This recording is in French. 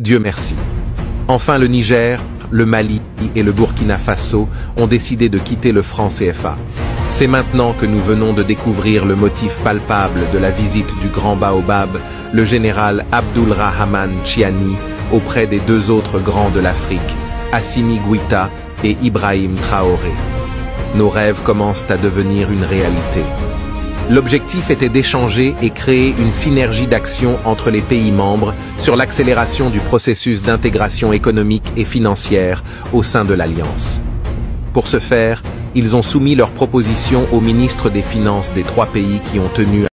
Dieu merci. Enfin, le Niger, le Mali et le Burkina Faso ont décidé de quitter le franc CFA. C'est maintenant que nous venons de découvrir le motif palpable de la visite du grand Baobab, le général Abdulrahman Chiani, auprès des deux autres grands de l'Afrique, Assimi Gwita et Ibrahim Traoré. Nos rêves commencent à devenir une réalité. L'objectif était d'échanger et créer une synergie d'action entre les pays membres sur l'accélération du processus d'intégration économique et financière au sein de l'Alliance. Pour ce faire, ils ont soumis leurs propositions aux ministres des Finances des trois pays qui ont tenu